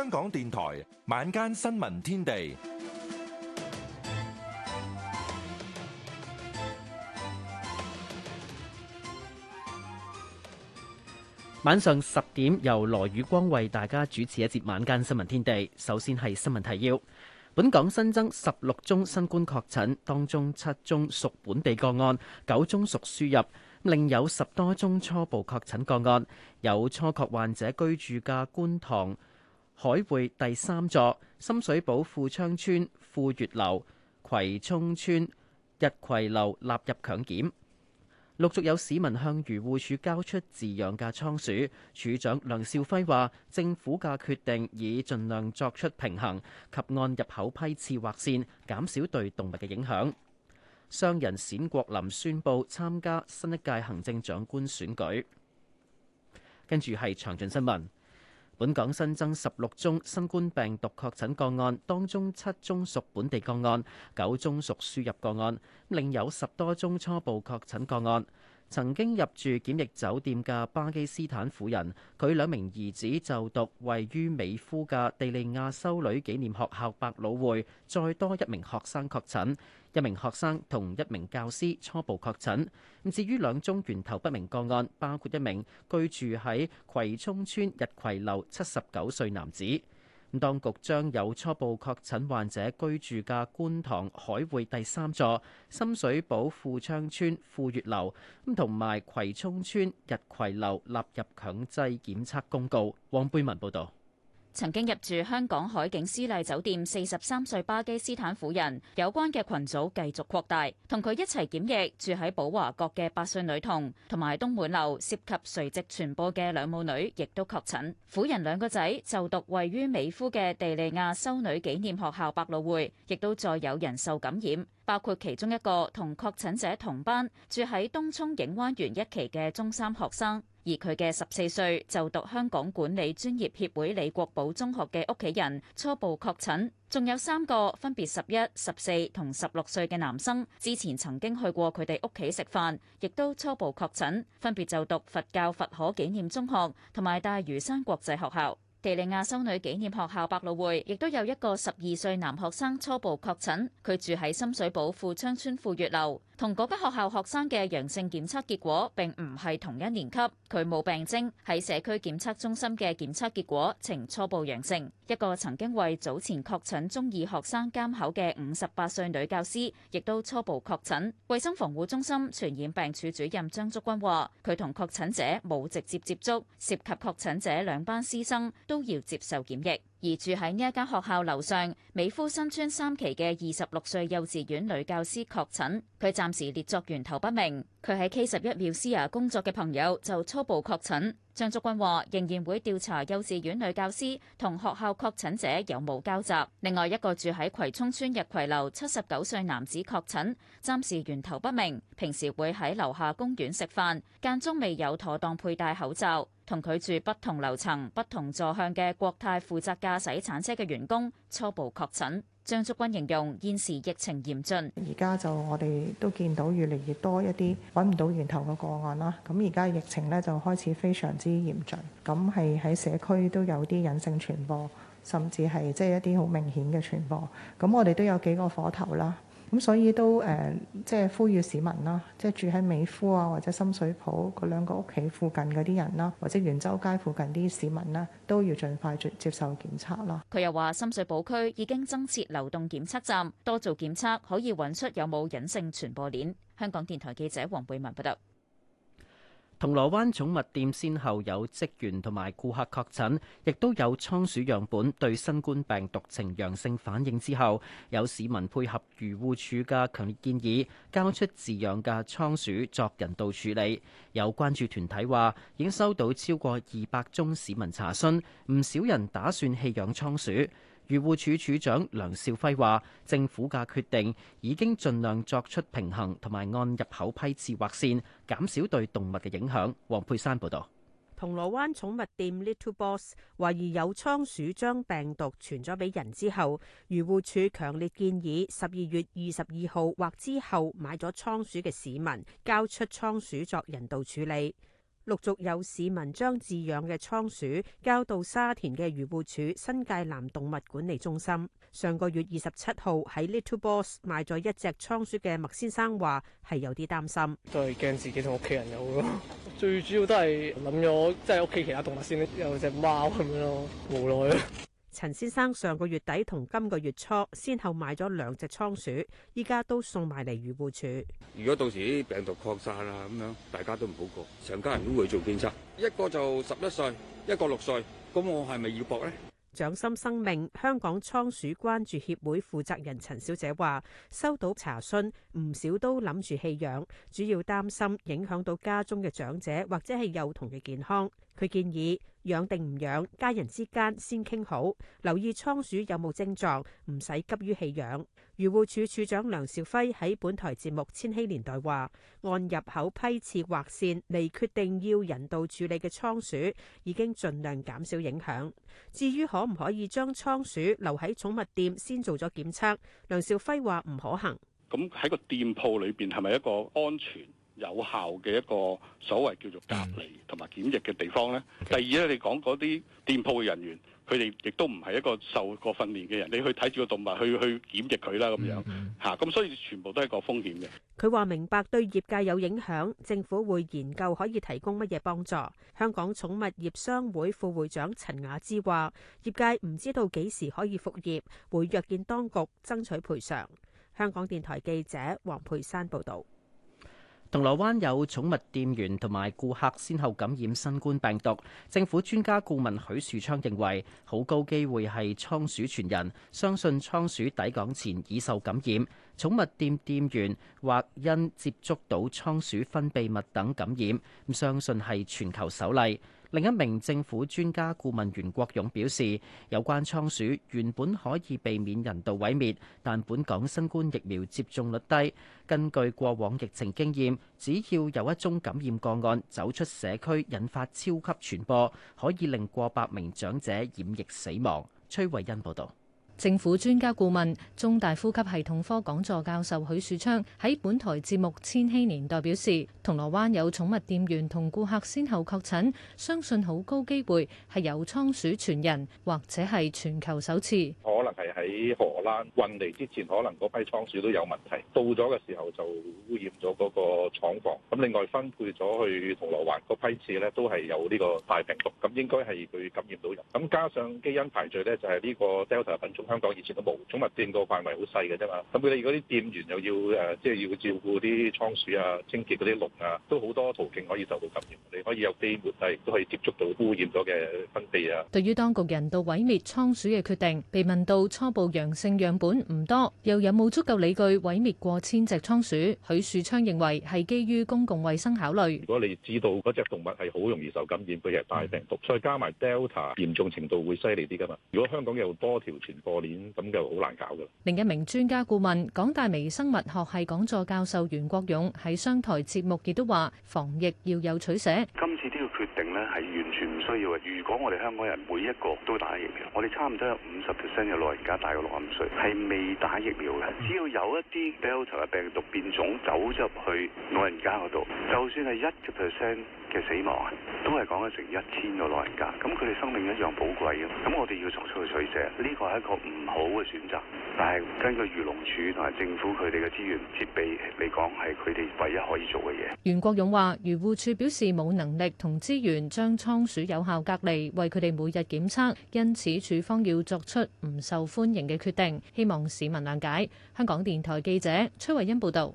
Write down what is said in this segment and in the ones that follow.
香港電台晚間新聞天地，晚上十點由羅宇光為大家主持一節晚間新聞天地。首先係新聞提要：本港新增十六宗新冠確診，當中七宗屬本地個案，九宗屬輸入，另有十多宗初步確診個案。有初確患者居住喺觀塘。海匯第三座深水埗富昌村富月樓、葵涌村日葵樓納入強檢，陸續有市民向漁護署交出自養嘅倉鼠。署長梁少輝話，政府嘅決定已盡量作出平衡及按入口批次劃線，減少對動物嘅影響。商人冼國林宣布參加新一屆行政長官選舉。跟住係詳盡新聞。本港新增十六宗新冠病毒確診個案，當中七宗屬本地個案，九宗屬輸入個案，另有十多宗初步確診個案。曾經入住檢疫酒店嘅巴基斯坦婦人，佢兩名兒子就讀位於美孚嘅地利亞修女紀念學校百老匯，再多一名學生確診，一名學生同一名教師初步確診。至於兩宗源頭不明個案，包括一名居住喺葵涌村日葵樓七十九歲男子。當局將有初步確診患者居住嘅觀塘海匯第三座、深水埗富昌邨富月樓，咁同埋葵涌村日葵樓納入強制檢測公告。黃貝文報導。曾經入住香港海景絲麗酒店，四十三歲巴基斯坦婦人有關嘅群組繼續擴大，同佢一齊檢疫住喺寶華閣嘅八歲女童，同埋東門樓涉及垂直傳播嘅兩母女，亦都確診。婦人兩個仔就讀位於美孚嘅地利亞修女紀念學校百老匯，亦都再有人受感染。包括其中一個同確診者同班住喺東涌映灣園一期嘅中三學生，而佢嘅十四歲就讀香港管理專業協會李國寶中學嘅屋企人初步確診，仲有三個分別十一、十四同十六歲嘅男生，之前曾經去過佢哋屋企食飯，亦都初步確診，分別就讀佛教佛可紀念中學同埋大嶼山國際學校。地利亞修女紀念學校百老匯亦都有一個十二歲男學生初步確診，佢住喺深水埗富昌邨富月樓。同嗰間學校學生嘅陽性檢測結果並唔係同一年級，佢冇病徵，喺社區檢測中心嘅檢測結果呈初步陽性。一個曾經為早前確診中二學生監考嘅五十八歲女教師，亦都初步確診。衛生防護中心傳染病處主任張竹君話：佢同確診者冇直接接觸，涉及確診者兩班師生都要接受檢疫。而住喺呢一間學校樓上美孚新村三期嘅二十六歲幼稚園女教師確診，佢暫時列作源頭不明。佢喺 K 十一 MUSEA 工作嘅朋友就初步確診。張竹君話，仍然會調查幼稚園女教師同學校確診者有冇交集。另外一個住喺葵涌村日葵樓七十九歲男子確診，暫時源頭不明。平時會喺樓下公園食飯，間中未有妥當佩戴口罩。同佢住不同樓層、不同座向嘅國泰負責駕，駕駛鏟車嘅員工初步確診。張竹君形容現時疫情嚴峻，而家就我哋都見到越嚟越多一啲揾唔到源頭嘅個案啦。咁而家疫情呢就開始非常之嚴峻，咁係喺社區都有啲隱性傳播，甚至係即係一啲好明顯嘅傳播。咁我哋都有幾個火頭啦。咁所以都誒即係呼籲市民啦，即係住喺美孚啊，或者深水埗嗰兩個屋企附近嗰啲人啦，或者元州街附近啲市民啦，都要盡快接接受檢測啦。佢又話深水埗區已經增設流動檢測站，多做檢測可以揾出有冇隱性傳播鏈。香港電台記者黃貝文報道。銅鑼灣寵物店先後有職員同埋顧客確診，亦都有倉鼠樣本對新冠病毒呈陽性反應之後，有市民配合漁護署嘅強烈建議，交出飼養嘅倉鼠作人道處理。有關注團體話，已經收到超過二百宗市民查詢，唔少人打算棄養倉鼠。漁護署，署署長梁少輝話：政府嘅決定已經盡量作出平衡，同埋按入口批次劃線，減少對動物嘅影響。黃佩珊報道。銅鑼灣寵物店 Little Boss 懷疑有倉鼠將病毒傳咗俾人之後，漁護署強烈建議十二月二十二號或之後買咗倉鼠嘅市民交出倉鼠作人道處理。陸續有市民將自養嘅倉鼠交到沙田嘅漁護署新界南動物管理中心。上個月二十七號喺 Little Boss 買咗一隻倉鼠嘅麥先生話係有啲擔心，都係驚自己同屋企人有咯。最主要都係諗咗，即係屋企其他動物先有隻貓咁樣咯，無奈啦。陳先生,上個月底同今個月初,先後買咗兩隻倉鼠,依家都送埋嚟漁護署。如果到時病毒擴散啦,咁樣大家都唔好過,成家人都會做檢測。一個就十一歲,一個六歲,咁我係咪要搏呢?佢建議養定唔養，家人之間先傾好，留意倉鼠有冇症狀，唔使急於棄養。漁護署署長梁兆輝喺本台節目《千禧年代》話：按入口批次劃線嚟決定要人道處理嘅倉鼠，已經盡量減少影響。至於可唔可以將倉鼠留喺寵物店先做咗檢測，梁兆輝話唔可行。咁喺個店鋪裏邊係咪一個安全？有效嘅一個所謂叫做隔離同埋檢疫嘅地方咧。第二咧，你講嗰啲店鋪嘅人員，佢哋亦都唔係一個受過訓練嘅人，你去睇住個動物去去檢疫佢啦，咁樣嚇。咁所以全部都係一個風險嘅。佢話明白對業界有影響，政府會研究可以提供乜嘢幫助。香港寵物業商會副會長陳雅芝話：業界唔知道幾時可以復業，會約見當局爭取賠償。香港電台記者黃佩珊報道。銅鑼灣有寵物店員同埋顧客先後感染新冠病毒，政府專家顧問許樹昌認為，好高機會係倉鼠傳人，相信倉鼠抵港前已受感染，寵物店店員或因接觸到倉鼠分泌物等感染，相信係全球首例。另一名政府專家顧問袁國勇表示，有關倉鼠原本可以避免人道毀滅，但本港新冠疫苗接種率低。根據過往疫情經驗，只要有一宗感染個案走出社區，引發超級傳播，可以令過百名長者染疫死亡。崔慧欣報道。政府專家顧問、中大呼吸系統科講座教授許樹昌喺本台節目《千禧年代》表示，銅鑼灣有寵物店員同顧客先後確診，相信好高機會係有倉鼠傳人，或者係全球首次。可能係喺荷蘭運嚟之前，可能嗰批倉鼠都有問題，到咗嘅時候就污染咗嗰個廠房。咁另外分配咗去銅鑼灣嗰批次呢，都係有呢個大病毒，咁應該係佢感染到人。咁加上基因排序呢，就係呢個 Delta 品種。香港以前都冇寵物店個範圍好細嘅啫嘛，咁佢哋嗰啲店員又要誒，即係要照顧啲倉鼠啊、清潔嗰啲籠啊，都好多途徑可以受到感染。你可以有飛沫，但係亦都可以接觸到污染咗嘅分泌啊。對於當局人道毀滅倉鼠嘅決定，被問到初步陽性樣本唔多，又有冇足夠理據毀滅過千隻倉鼠？許樹昌認為係基於公共衛生考慮。如果你知道嗰隻動物係好容易受感染，佢係大病毒，再加埋 Delta 嚴重程度會犀利啲噶嘛。如果香港有多條傳播。咁就好難搞噶。另一名專家顧問，港大微生物學系講座教授袁國勇喺商台節目亦都話：防疫要有取捨。今次呢個決定呢，係完全唔需要嘅。如果我哋香港人每一個都打疫苗，我哋差唔多有五十 percent 嘅老人家大過六十五歲，係未打疫苗嘅。只要有一啲 Delta 病毒變種走入去老人家嗰度，就算係一個 percent。嘅死亡都係講咗成一千個老人家，咁佢哋生命一樣寶貴嘅，咁我哋要作出嘅取捨，呢個係一個唔好嘅選擇，但係根據漁農署同埋政府佢哋嘅資源設備嚟講，係佢哋唯一可以做嘅嘢。袁國勇話漁護署表示冇能力同資源將倉鼠有效隔離，為佢哋每日檢測，因此署方要作出唔受歡迎嘅決定，希望市民諒解。香港電台記者崔慧欣報道。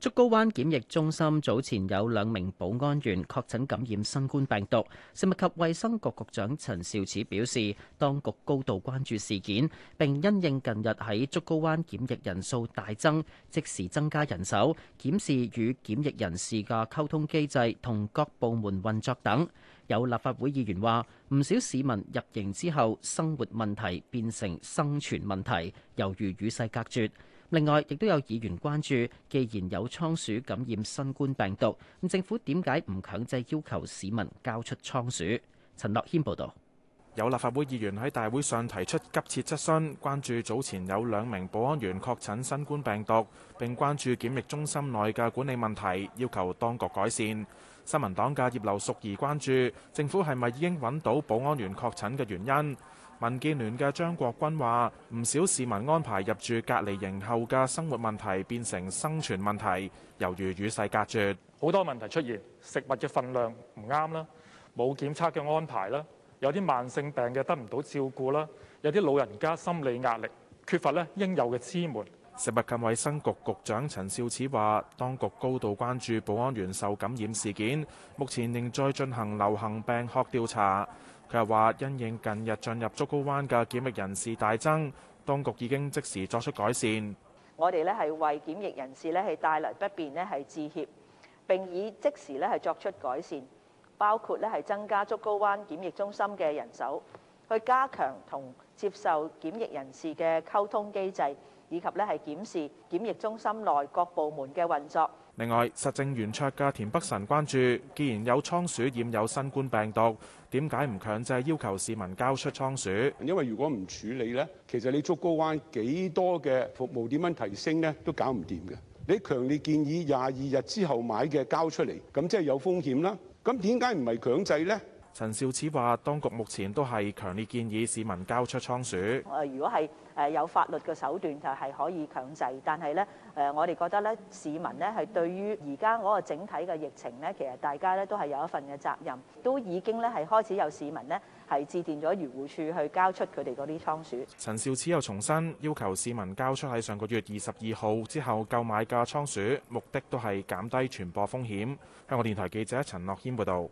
竹篙灣檢疫中心早前有兩名保安員確診感染新冠病毒，食物及衛生局局長陳肇始表示，當局高度關注事件，並因應近日喺竹篙灣檢疫人數大增，即時增加人手、檢視與檢疫人士嘅溝通機制同各部門運作等。有立法會議員話，唔少市民入營之後，生活問題變成生存問題，猶如與世隔絕。另外，亦都有議員關注，既然有倉鼠感染新冠病毒，咁政府點解唔強制要求市民交出倉鼠？陳樂軒報導。有立法會議員喺大會上提出急切質詢，關注早前有兩名保安員確診新冠病毒，並關注檢疫中心內嘅管理問題，要求當局改善。新民黨嘅葉劉淑儀關注，政府係咪已經揾到保安員確診嘅原因？民建聯嘅張國鈞話：唔少市民安排入住隔離營後嘅生活問題變成生存問題，猶如與世隔絕。好多問題出現，食物嘅份量唔啱啦，冇檢測嘅安排啦，有啲慢性病嘅得唔到照顧啦，有啲老人家心理壓力缺乏咧應有嘅支援。食物及衞生局局長陳肇始話：當局高度關注保安員受感染事件，目前仍在進行流行病學調查。佢又話：因應近日進入竹篙灣嘅檢疫人士大增，當局已經即時作出改善。我哋呢係為檢疫人士呢係帶來不便呢係致歉，並以即時呢係作出改善，包括呢係增加竹篙灣檢疫中心嘅人手，去加強同接受檢疫人士嘅溝通機制，以及呢係檢視檢疫中心內各部門嘅運作。另外，實政圓桌嘅田北辰關注，既然有倉鼠染有新冠病毒，點解唔強制要求市民交出倉鼠？因為如果唔處理咧，其實你竹篙灣幾多嘅服務點樣提升咧，都搞唔掂嘅。你強烈建議廿二日之後買嘅交出嚟，咁即係有風險啦。咁點解唔係強制咧？陳肇始話，當局目前都係強烈建議市民交出倉鼠。誒，如果係誒有法律嘅手段，就係可以強制。但係咧，誒我哋覺得咧，市民咧係對於而家嗰個整體嘅疫情咧，其實大家咧都係有一份嘅責任，都已經咧係開始有市民呢係致電咗漁護署去交出佢哋嗰啲倉鼠。陳肇始又重申，要求市民交出喺上個月二十二號之後購買嘅倉鼠，目的都係減低傳播風險。香港電台記者陳樂軒報導。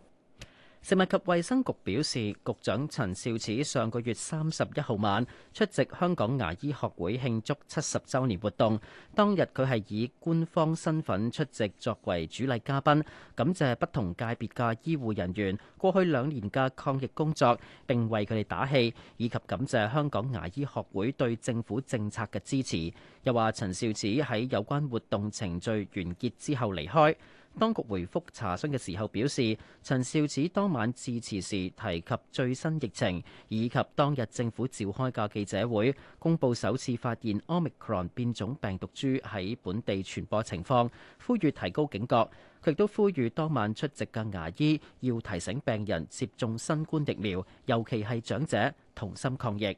食物及衛生局表示，局長陳肇始上個月三十一號晚出席香港牙醫學會慶祝七十周年活動。當日佢係以官方身份出席，作為主禮嘉賓，感謝不同界別嘅醫護人員過去兩年嘅抗疫工作，並為佢哋打氣，以及感謝香港牙醫學會對政府政策嘅支持。又話陳肇始喺有關活動程序完結之後離開。當局回覆查詢嘅時候表示，陳肇始當晚致辭時提及最新疫情，以及當日政府召開嘅記者會，公布首次發現 Omicron 變種病毒株喺本地傳播情況，呼籲提高警覺。佢都呼籲當晚出席嘅牙醫要提醒病人接種新冠疫苗，尤其係長者，同心抗疫。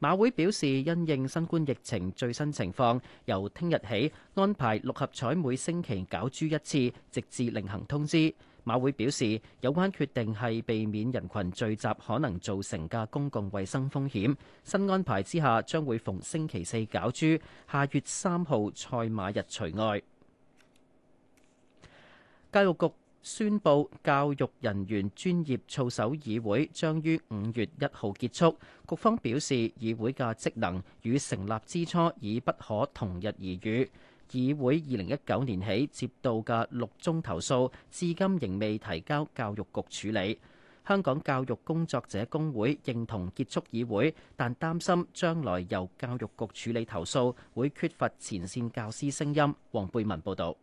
馬會表示，因應新冠疫情最新情況，由聽日起安排六合彩每星期攪珠一次，直至另行通知。馬會表示，有關決定係避免人群聚集可能造成嘅公共衛生風險。新安排之下，將會逢星期四攪珠，下月三號賽馬日除外。教育局。宣布教育人員專業操守議會將於五月一號結束。局方表示，議會嘅職能與成立之初已不可同日而語。議會二零一九年起接到嘅六宗投訴，至今仍未提交教育局處理。香港教育工作者工會認同結束議會，但擔心將來由教育局處理投訴會缺乏前線教師聲音。黃貝文報道。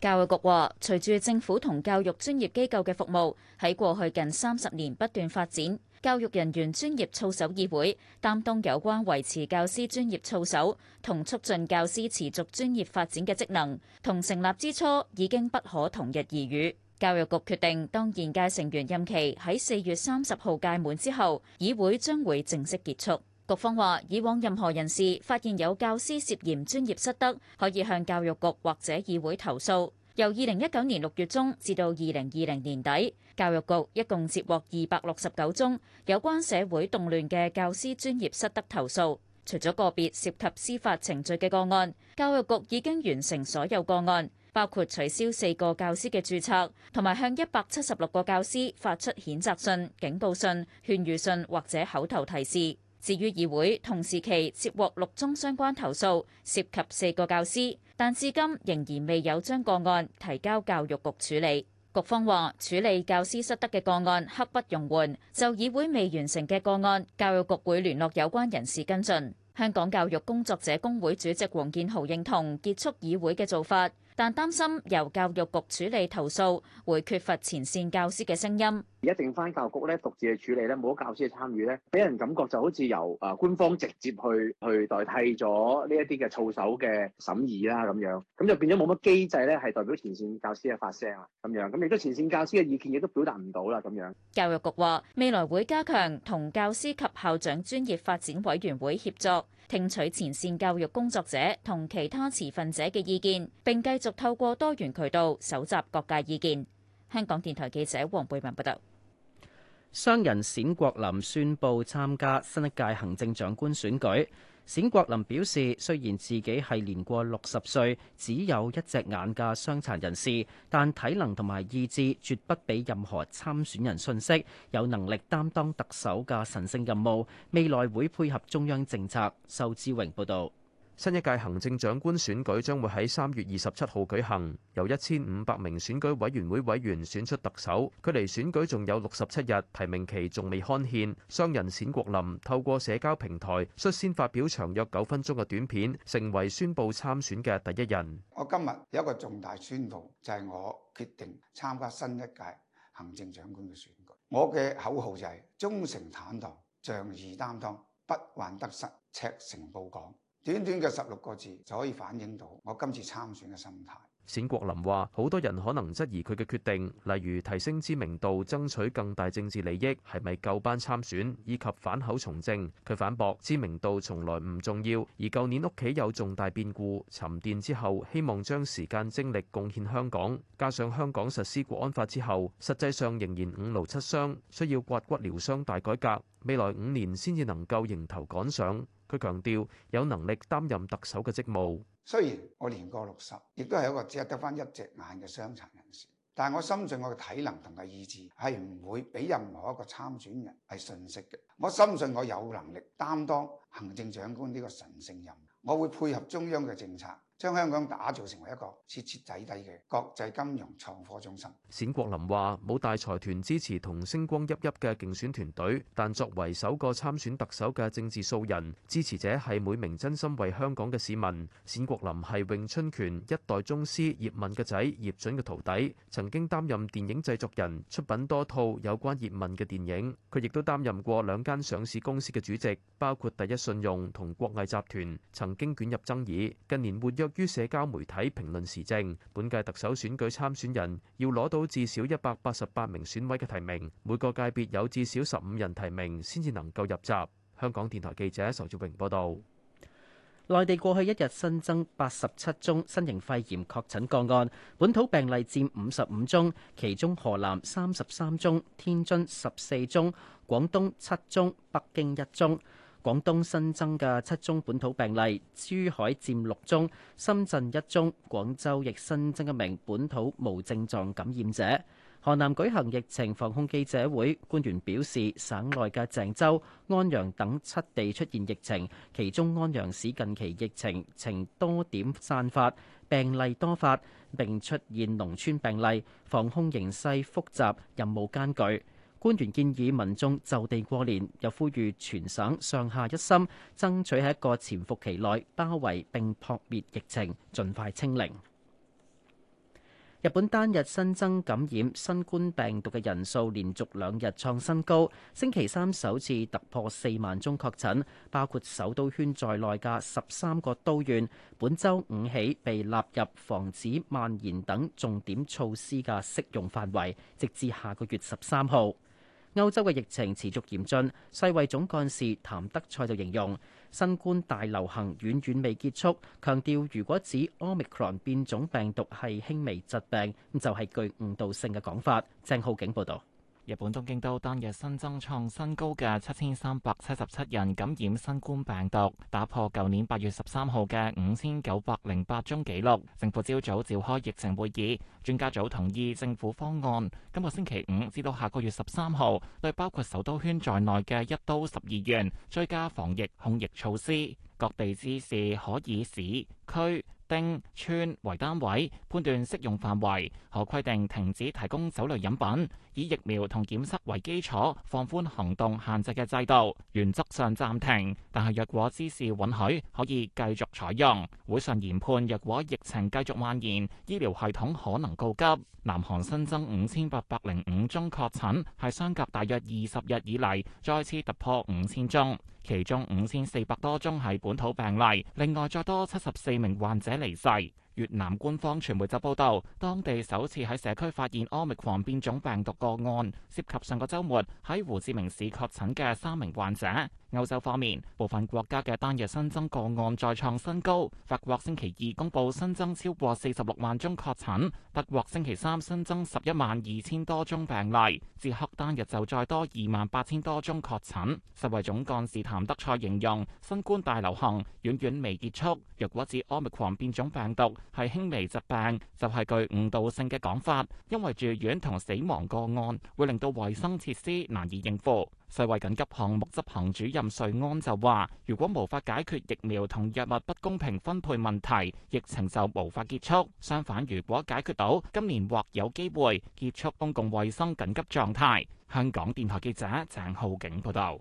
教育局話：隨住政府同教育專業機構嘅服務喺過去近三十年不斷發展，教育人員專業操守議會擔當有關維持教師專業操守同促進教師持續專業發展嘅職能，同成立之初已經不可同日而語。教育局決定，當現屆成員任期喺四月三十號屆滿之後，議會將會正式結束。局方話，以往任何人士發現有教師涉嫌專業失德，可以向教育局或者議會投訴。由二零一九年六月中至到二零二零年底，教育局一共接獲二百六十九宗有關社會動亂嘅教師專業失德投訴。除咗個別涉及司法程序嘅個案，教育局已經完成所有個案，包括取消四個教師嘅注冊，同埋向一百七十六個教師發出譴責信、警告信、勸喻信或者口頭提示。至於議會，同時期接獲六宗相關投訴，涉及四個教師，但至今仍然未有將個案提交教育局處理。局方話，處理教師失德嘅個案刻不容緩。就議會未完成嘅個案，教育局會聯絡有關人士跟進。香港教育工作者工會主席黃建豪認同結束議會嘅做法。但擔心由教育局處理投訴，會缺乏前線教師嘅聲音。而家剩返教育局咧，獨自去處理咧，冇咗教師嘅參與咧，俾人感覺就好似由啊官方直接去去代替咗呢一啲嘅操守嘅審議啦咁樣，咁就變咗冇乜機制咧，係代表前線教師嘅發聲啊咁樣，咁亦都前線教師嘅意見亦都表達唔到啦咁樣。教育局話，未來會加強同教師及校長專業發展委員會協作。聽取前線教育工作者同其他持份者嘅意見，並繼續透過多元渠道搜集各界意見。香港電台記者黃貝文報道。商人冼國林宣布參加新一屆行政長官選舉。冼國林表示，雖然自己係年過六十歲，只有一隻眼嘅傷殘人士，但體能同埋意志絕不比任何參選人遜色，有能力擔當特首嘅神聖任務。未來會配合中央政策。仇志榮報道。新一屆行政長官選舉將會喺三月二十七號舉行，由一千五百名選舉委員會委員選出特首，距離選舉仲有六十七日，提名期仲未刊憲，商人冼國林透過社交平台率先發表長約九分鐘嘅短片，成為宣布參選嘅第一人。我今日有一個重大宣布，就係我決定參加新一屆行政長官嘅選舉。我嘅口號就係，忠誠坦蕩，仗義擔當，不患得失，赤誠報港。短短嘅十六個字就可以反映到我今次參選嘅心態。冼國林話：好多人可能質疑佢嘅決定，例如提升知名度、爭取更大政治利益，係咪夠班參選，以及反口從政。佢反駁：知名度從來唔重要，而舊年屋企有重大變故，沉澱之後，希望將時間精力貢獻香港。加上香港實施國安法之後，實際上仍然五勞七傷，需要刮骨療傷大改革，未來五年先至能夠迎頭趕上。佢強調有能力擔任特首嘅職務。雖然我年過六十，亦都係一個只係得返一隻眼嘅傷殘人士，但係我深信我嘅體能同埋意志係唔會俾任何一個參選人係遜色嘅。我深信我有能力擔當行政長官呢個神聖任務，我會配合中央嘅政策。將香港打造成為一個徹徹底底嘅國際金融創科中心。冼國林話：冇大財團支持同星光熠熠嘅競選團隊，但作為首個參選特首嘅政治素人，支持者係每名真心為香港嘅市民。冼國林係詠春拳一代宗師葉問嘅仔葉準嘅徒弟，曾經擔任電影製作人，出品多套有關葉問嘅電影。佢亦都擔任過兩間上市公司嘅主席，包括第一信用同國藝集團，曾經捲入爭議。近年活躍於社交媒體評論時政。本屆特首選舉參選人要攞到至少一百八十八名選委嘅提名，每個界別有至少十五人提名，先至能夠入閘。香港電台記者仇志榮報導。內地過去一日新增八十七宗新型肺炎確診個案，本土病例佔五十五宗，其中河南三十三宗，天津十四宗，廣東七宗，北京一宗。廣東新增嘅七宗本土病例，珠海佔六宗，深圳一宗，廣州亦新增一名本土無症狀感染者。河南舉行疫情防控記者會，官員表示，省內嘅鄭州、安陽等七地出現疫情，其中安陽市近期疫情呈多點散發，病例多發，並出現農村病例，防控形勢複雜，任務艱巨。官員建議民眾就地過年，又呼籲全省上下一心，爭取喺一個潛伏期內包圍並撲滅疫情，盡快清零。日本單日新增感染新冠病毒嘅人數連續兩日創新高，星期三首次突破四萬宗確診，包括首都圈在內嘅十三個都縣，本周五起被納入防止蔓延等重點措施嘅適用範圍，直至下個月十三號。歐洲嘅疫情持續嚴峻，世衞總幹事譚德塞就形容新冠大流行遠遠未結束，強調如果指 Omicron 變種病毒係輕微疾病，咁就係具誤導性嘅講法。鄭浩景報導。日本東京都單日新增創新高嘅七千三百七十七人感染新冠病毒，打破舊年八月十三號嘅五千九百零八宗紀錄。政府朝早召開疫情會議，專家組同意政府方案。今個星期五至到下個月十三號，對包括首都圈在內嘅一都十二縣追加防疫控疫措施。各地知事可以市區區町村為單位判斷適用範圍，可規定停止提供酒類飲品；以疫苗同檢測為基礎放寬行動限制嘅制度，原則上暫停，但係若果知事允許，可以繼續採用。會上研判，若果疫情繼續蔓延，醫療系統可能告急。南韓新增五千八百零五宗確診，係相隔大約二十日以嚟再次突破五千宗。其中五千四百多宗係本土病例，另外再多七十四名患者離世。越南官方傳媒就報導，當地首次喺社區發現奧密克戎變種病毒個案，涉及上個週末喺胡志明市確診嘅三名患者。歐洲方面，部分國家嘅單日新增個案再創新高。法國星期二公布新增超過四十六萬宗確診，德國星期三新增十一萬二千多宗病例，捷克單日就再多二萬八千多宗確診。世衞總幹事譚德塞形容，新冠大流行遠遠未結束。若果指奧密克戎變種病毒係輕微疾病，就係、是、具誤導性嘅講法，因為住院同死亡個案會令到衛生設施難以應付。世衛緊急項目執行主任瑞安就話，如果無法解決疫苗同藥物不公平分配問題，疫情就無法結束。相反，如果解決到，今年或有機會結束公共衛生緊急狀態香港電台記者鄭浩景報道。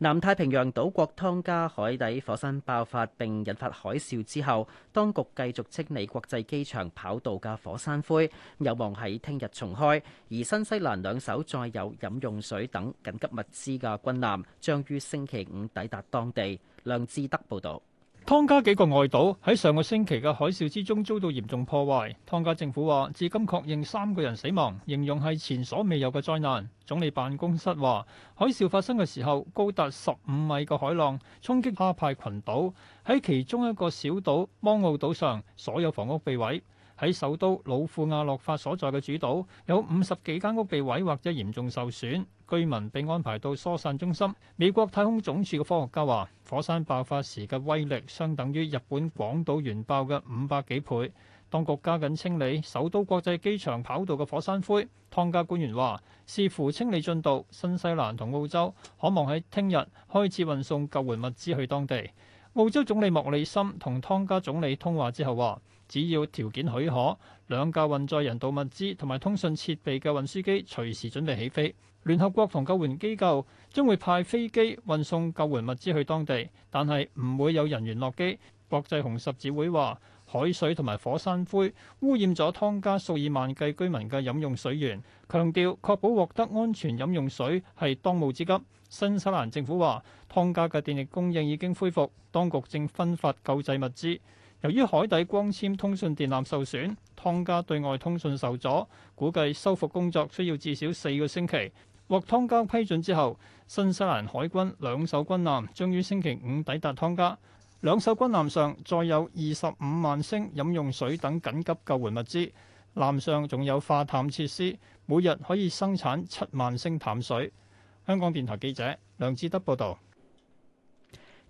南太平洋島國湯加海底火山爆發並引發海嘯之後，當局繼續清理國際機場跑道嘅火山灰，有望喺聽日重開。而新西蘭兩艘載有飲用水等緊急物資嘅軍艦將於星期五抵達當地。梁志德報道。湯加幾個外島喺上個星期嘅海嘯之中遭到嚴重破壞。湯加政府話，至今確認三個人死亡，形容係前所未有嘅災難。總理辦公室話，海嘯發生嘅時候，高達十五米嘅海浪衝擊哈派群島，喺其中一個小島芒奧島上，所有房屋被毀；喺首都老庫亞洛法所在嘅主島，有五十幾間屋被毀或者嚴重受損。居民被安排到疏散中心。美國太空總署嘅科學家話，火山爆發時嘅威力相等於日本廣島原爆嘅五百幾倍。當局加緊清理首都國際機場跑道嘅火山灰。湯加官員話，視乎清理進度，新西蘭同澳洲可望喺聽日開始運送救援物資去當地。澳洲總理莫里森同湯加總理通話之後話，只要條件許可，兩架運載人道物資同埋通訊設備嘅運輸機隨時準備起飛。聯合國同救援機構將會派飛機運送救援物資去當地，但係唔會有人員落機。國際紅十字會話，海水同埋火山灰污染咗湯加數以萬計居民嘅飲用水源，強調確保獲得安全飲用水係當務之急。新西蘭政府話，湯加嘅電力供應已經恢復，當局正分發救濟物資。由於海底光纖通訊電纜受損，湯加對外通訊受阻，估計修復工作需要至少四個星期。獲湯加批准之後，新西蘭海軍兩艘軍艦將於星期五抵達湯加。兩艘軍艦上載有二十五萬升飲用水等緊急救援物資，艦上仲有化淡設施，每日可以生產七萬升淡水。香港電台記者梁志德報道。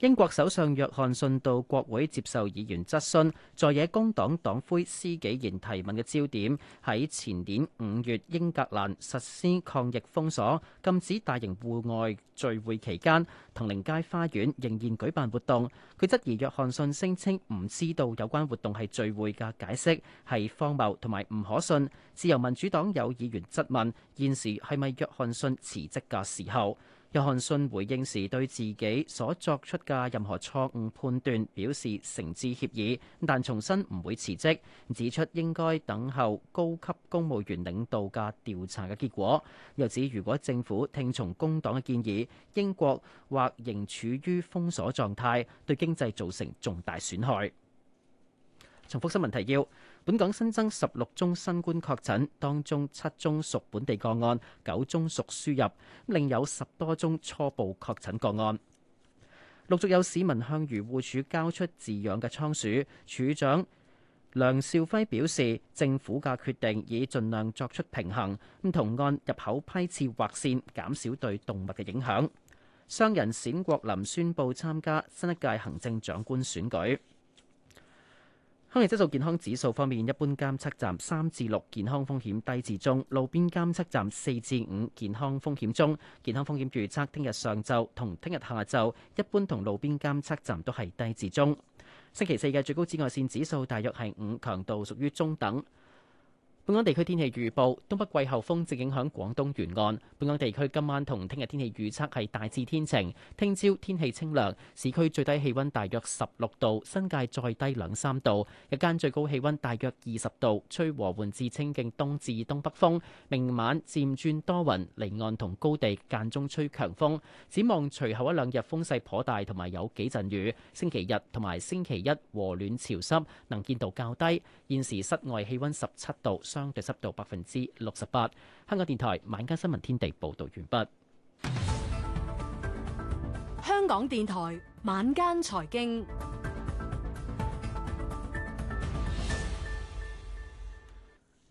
英國首相約翰遜到國會接受議員質詢，在野工黨黨魁施紀賢提問嘅焦點喺前年五月英格蘭實施抗疫封鎖、禁止大型戶外聚會期間，唐寧街花園仍然舉辦活動。佢質疑約翰遜聲稱唔知道有關活動係聚會嘅解釋係荒謬同埋唔可信。自由民主黨有議員質問現時係咪約翰遜辭職嘅時候。約翰遜回應時，對自己所作出嘅任何錯誤判斷表示誠摯歉意，但重申唔會辭職，指出應該等候高級公務員領導嘅調查嘅結果。又指如果政府聽從工黨嘅建議，英國或仍處於封鎖狀態，對經濟造成重大損害。重複新聞提要。本港新增十六宗新冠確診，當中七宗屬本地個案，九宗屬輸入，另有十多宗初步確診個案。陸續有市民向漁護署交出飼養嘅倉鼠，署長梁肇輝表示，政府嘅決定已盡量作出平衡，咁同按入口批次劃線減少對動物嘅影響。商人冼國林宣布參加新一屆行政長官選舉。空氣質素健康指數方面，一般監測站三至六，健康風險低至中；路邊監測站四至五，健康風險中。健康風險預測聽日上晝同聽日下晝，一般同路邊監測站都係低至中。星期四嘅最高紫外線指數大約係五，強度屬於中等。本港地區天氣預報：東北季候風正影響廣東沿岸。本港地區今晚同聽日天氣預測係大致天晴，聽朝天氣清涼，市區最低氣溫大約十六度，新界再低兩三度，日間最高氣溫大約二十度，吹和緩至清勁東至東北風。明晚漸轉多雲，離岸同高地間中吹強風。展望隨後一兩日風勢頗大，同埋有幾陣雨。星期日同埋星期一和暖潮濕，能見度較低。現時室外氣溫十七度。相對濕度百分之六十八。香港電台晚間新聞天地報道完畢。香港電台晚間財經。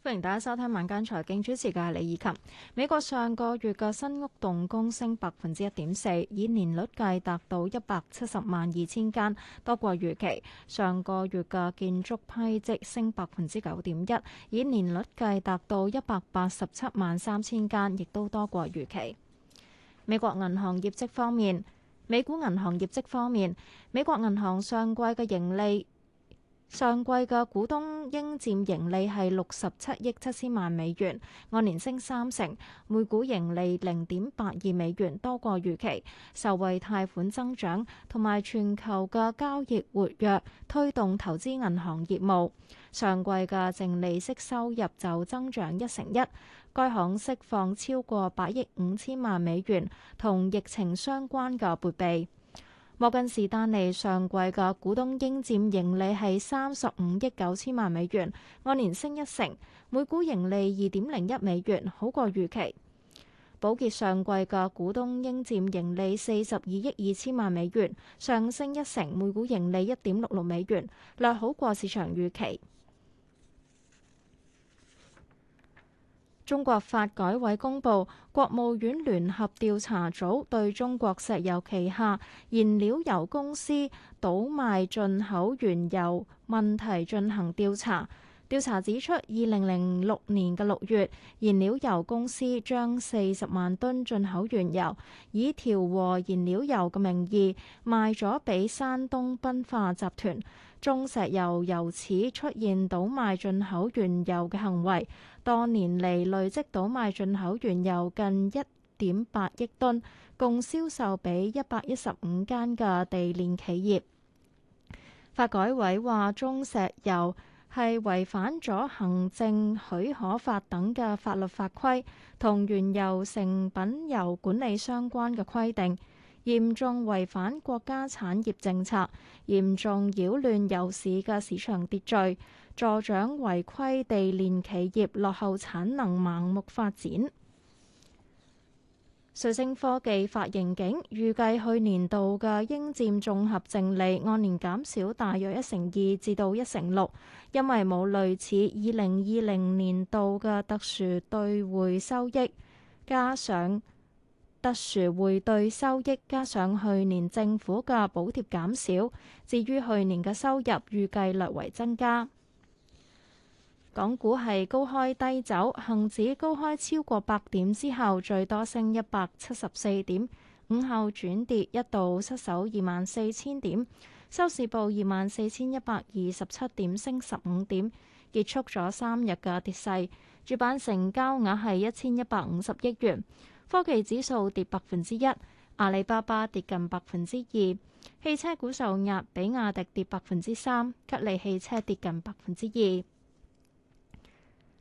歡迎大家收聽《晚間財經》，主持嘅係李以琴。美國上個月嘅新屋動工升百分之一點四，以年率計達到一百七十萬二千間，多過預期。上個月嘅建築批則升百分之九點一，以年率計達到一百八十七萬三千間，亦都多過預期。美國銀行業績方面，美股銀行業績方面，美國銀行上季嘅盈利。上季嘅股東應占盈利係六十七億七千萬美元，按年升三成，每股盈利零點八二美元，多過預期，受惠貸款增長同埋全球嘅交易活躍，推動投資銀行業務。上季嘅淨利息收入就增長一成一，該行釋放超過八億五千萬美元同疫情相關嘅撥備。摩根士丹利上季嘅股東應佔盈利係三十五億九千萬美元，按年升一成，每股盈利二點零一美元，好過預期。寶潔上季嘅股東應佔盈利四十二億二千萬美元，上升一成，每股盈利一點六六美元，略好過市場預期。中國發改委公佈，國務院聯合調查組對中國石油旗下燃料油公司倒賣進口原油問題進行調查。調查指出，二零零六年嘅六月，燃料油公司將四十萬噸進口原油，以調和燃料油嘅名義賣咗俾山東濱化集團。中石油由此出現倒賣進口原油嘅行為，多年嚟累積倒賣進口原油近一點八億噸，共銷售俾一百一十五間嘅地煉企業。發改委話：中石油係違反咗行政許可法等嘅法律法規，同原油成品油管理相關嘅規定。嚴重違反國家產業政策，嚴重擾亂油市嘅市場秩序，助長違規地煉企業落後產能盲目發展。瑞星科技發盈警，預計去年度嘅應佔綜合淨利按年減少大約一成二至到一成六，1, 6，因為冇類似二零二零年度嘅特殊兌匯收益，加上。特殊匯兌收益，加上去年政府嘅補貼減少，至於去年嘅收入預計略為增加。港股係高開低走，恒指高開超過百點之後，最多升一百七十四點，午後轉跌，一度失守二萬四千點，收市報二萬四千一百二十七點，升十五點，結束咗三日嘅跌勢。主板成交額係一千一百五十億元。科技指數跌百分之一，阿里巴巴跌近百分之二，汽車股受壓，比亞迪跌百分之三，吉利汽車跌近百分之二。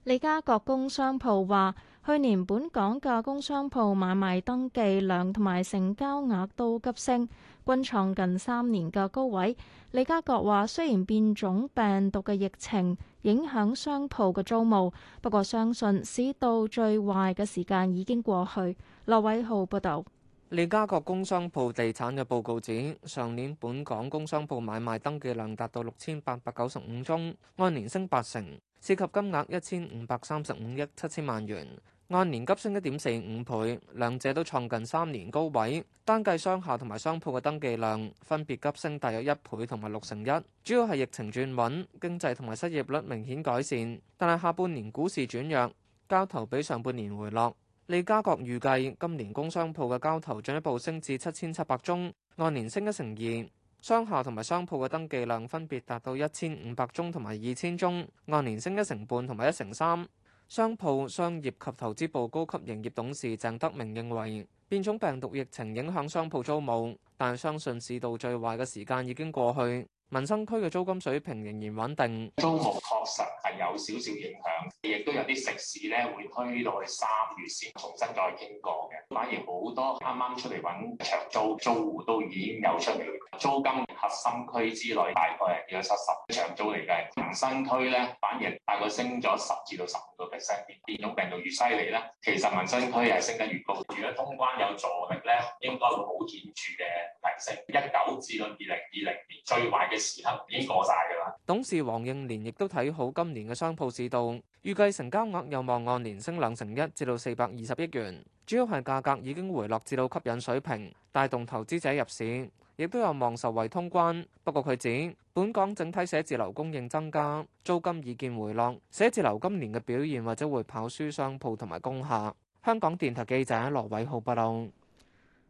利嘉閣工商舖話。去年本港嘅工商鋪買賣登記量同埋成交額都急升，均創近三年嘅高位。利嘉閣話：雖然變種病毒嘅疫情影響商鋪嘅租務，不過相信市道最壞嘅時間已經過去。羅偉浩報導。利嘉閣工商鋪地產嘅報告指，上年本港工商鋪買賣登記量達到六千八百九十五宗，按年升八成，涉及金額一千五百三十五億七千萬元。按年急升一點四五倍，兩者都創近三年高位。單計商廈同埋商鋪嘅登記量，分別急升大約一倍同埋六成一。主要係疫情轉穩，經濟同埋失業率明顯改善。但係下半年股市轉弱，交投比上半年回落。利嘉閣預計今年工商鋪嘅交投進一步升至七千七百宗，按年升一成二。商廈同埋商鋪嘅登記量分別達到一千五百宗同埋二千宗，按年升一成半同埋一成三。商鋪商業及投資部高級營業董事鄭德明認為，變種病毒疫情影響商鋪租務，但相信市道最壞嘅時間已經過去，民生區嘅租金水平仍然穩定。租務確實係有少少影響，亦都有啲食肆咧會推到去三月先重新再經過嘅。反而好多啱啱出嚟揾長租租戶都已經有出嚟，租金核心區之內大概係約七十長租嚟計，民生區咧反而大概升咗十至到十五個 percent。變變種病毒越犀利咧，其實民生區係升得越高。如果通關有助力咧，應該會好顯著嘅提升。一九至到二零二零年最壞嘅時刻已經過晒㗎啦。董事王應年亦都睇好今年嘅商鋪市道，預計成交額有望按年升兩成一至到四百二十億元。主要係價格已經回落至到吸引水平，帶動投資者入市，亦都有望受惠通關。不過佢指，本港整體寫字樓供應增加，租金已見回落，寫字樓今年嘅表現或者會跑輸商鋪同埋工廈。香港電台記者羅偉浩報道。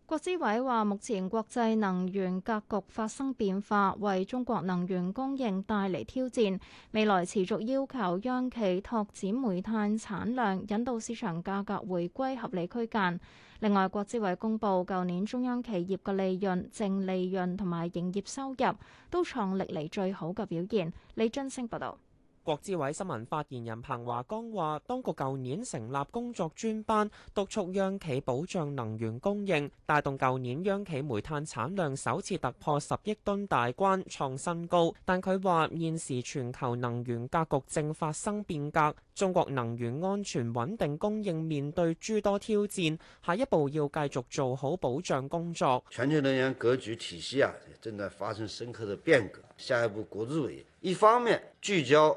國資委話，目前國際能源格局發生變化，為中國能源供應帶嚟挑戰。未來持續要求央企拓展煤炭產量，引導市場價格回歸合理區間。另外，國資委公布，舊年中央企業嘅利潤、淨利潤同埋營業收入都創歷嚟最好嘅表現。李津星報道。國資委新聞發言人彭華崗話，當局舊年成立工作專班，督促央企保障能源供應，帶動舊年央企煤炭產量首次突破十億噸大關，創新高。但佢話，現時全球能源格局正發生變革，中國能源安全穩定供應面對諸多挑戰，下一步要繼續做好保障工作。全球能源格局體系啊，正在發生深刻的變革。下一步，國資委一方面聚焦。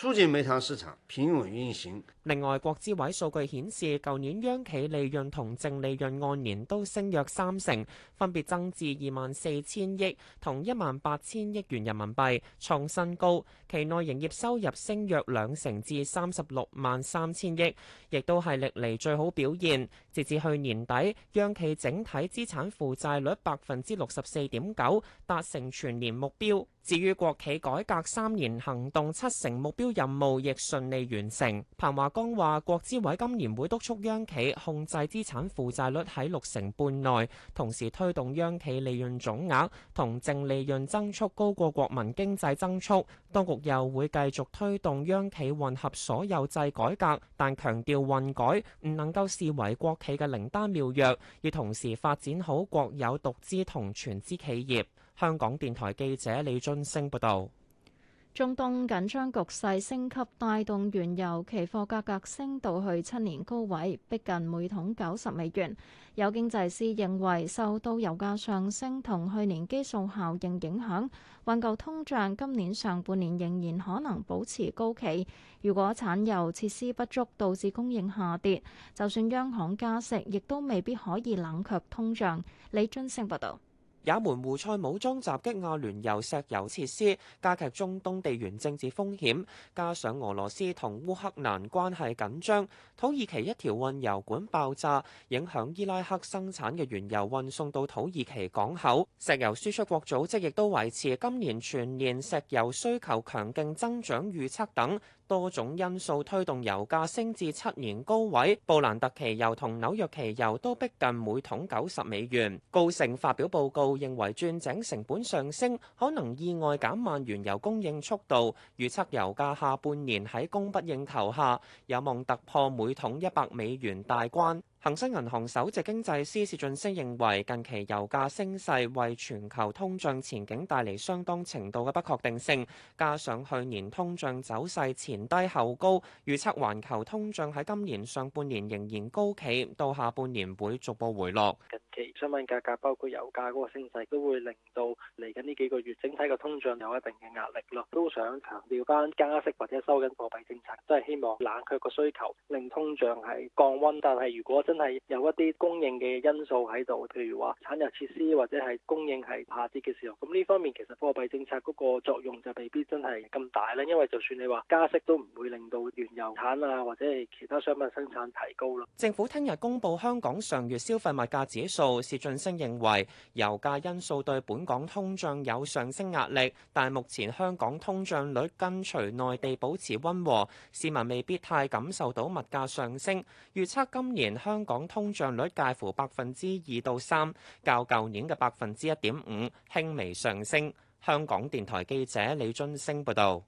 促進煤炭市場平穩運行。另外，國資委數據顯示，舊年央企利潤同淨利潤按年都升約三成，分別增至二萬四千億同一萬八千億元人民幣創新高。期內營業收入升約兩成至三十六萬三千億，亦都係歷嚟最好表現，截至去年底，央企整體資產負債率百分之六十四點九，達成全年目標，至於國企改革三年行動七成目標任務亦順利完成。彭華剛話：國資委今年會督促央，央企控制資產負債率喺六成半內，同時推動央企利潤總額同淨利潤增速高過國民經濟增速。當局又會繼續推動央企混合所有制改革，但強調混改唔能夠視為國企嘅靈丹妙藥，要同時發展好國有獨資同全資企業。香港電台記者李津升報導。中東緊張局勢升級，帶動原油期貨價格升到去七年高位，逼近每桶九十美元。有經濟師認為，受到油價上升同去年基數效應影響，環球通脹今年上半年仍然可能保持高企。如果產油設施不足，導致供應下跌，就算央行加息，亦都未必可以冷卻通脹。李俊盛報道。也門胡塞武裝襲擊阿聯酋石油設施，加劇中東地緣政治風險。加上俄羅斯同烏克蘭關係緊張，土耳其一條運油管爆炸，影響伊拉克生產嘅原油運送到土耳其港口。石油輸出國組織亦都維持今年全年石油需求強勁增長預測等。多種因素推動油價升至七年高位，布蘭特期油同紐約期油都逼近每桶九十美元。高盛發表報告認為，鑽井成本上升可能意外減慢原油供應速度，預測油價下半年喺供不應求下有望突破每桶一百美元大關。恒生銀行首席經濟師薛俊昇認為，近期油價升勢為全球通脹前景帶嚟相當程度嘅不確定性，加上去年通脹走勢前低後高，預測環球通脹喺今年上半年仍然高企，到下半年會逐步回落。近期商品價格包括油價嗰個升勢都會令到嚟緊呢幾個月整體嘅通脹有一定嘅壓力咯。都想強調翻加息或者收緊貨幣政策，都係希望冷卻個需求，令通脹係降溫。但係如果真，係有一啲供應嘅因素喺度，譬如話產油設施或者係供應係下跌嘅時候，咁呢方面其實貨幣政策嗰個作用就未必真係咁大啦，因為就算你話加息都唔會令到原油產啊或者係其他商品生產提高咯。政府聽日公布香港上月消費物價指數，薛進升認為油價因素對本港通脹有上升壓力，但目前香港通脹率跟隨內地保持溫和，市民未必太感受到物價上升。預測今年香香港通脹率介乎百分之二到三，較舊年嘅百分之一點五輕微上升。香港電台記者李津星報道：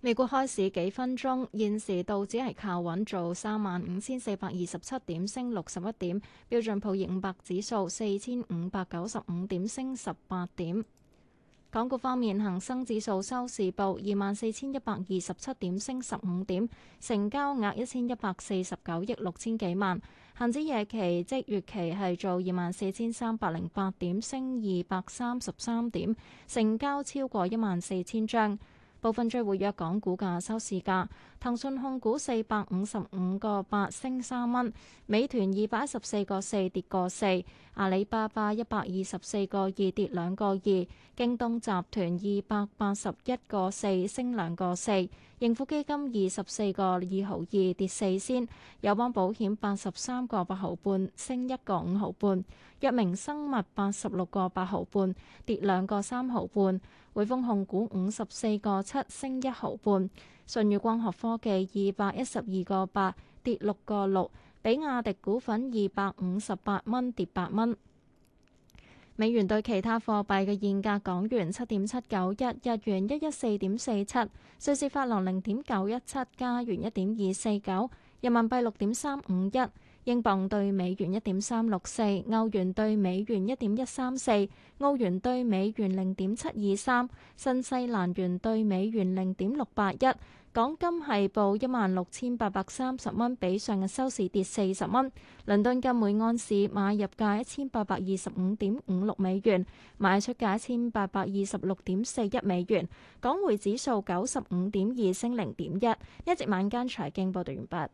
美國開市幾分鐘，現時道指係靠穩，做三萬五千四百二十七點，升六十一點。標準普爾五百指數四千五百九十五點，升十八點。港股方面，恒生指數收市報二萬四千一百二十七點，升十五點。成交額一千一百四十九億六千幾萬。恒指夜期，即月期，係做二萬四千三百零八點，升二百三十三點，成交超過一萬四千張。部分最活躍港股價收市價，騰訊控股四百五十五個八升三蚊，美團二百一十四個四跌個四，阿里巴巴一百二十四個二跌兩個二，京東集團二百八十一個四升兩個四，盈富基金二十四個二毫二跌四仙，友邦保險八十三個八毫半升一個五毫半，藥明生物八十六個八毫半跌兩個三毫半。匯豐控股五十四個七升一毫半，舜宇光學科技二百一十二個八跌六個六，比亞迪股份二百五十八蚊跌八蚊。美元對其他貨幣嘅現價：港元七點七九一，日元一一四點四七，瑞士法郎零點九一七，加元一點二四九，人民幣六點三五一。英鎊對美元一點三六四，歐元對美元一點一三四，澳元對美元零點七二三，新西蘭元對美元零點六八一。港金係報一萬六千八百三十蚊，比上日收市跌四十蚊。倫敦嘅每安士買入價一千八百二十五點五六美元，賣出價一千八百二十六點四一美元。港匯指數九十五點二升零點一。一節晚間財經報道完畢。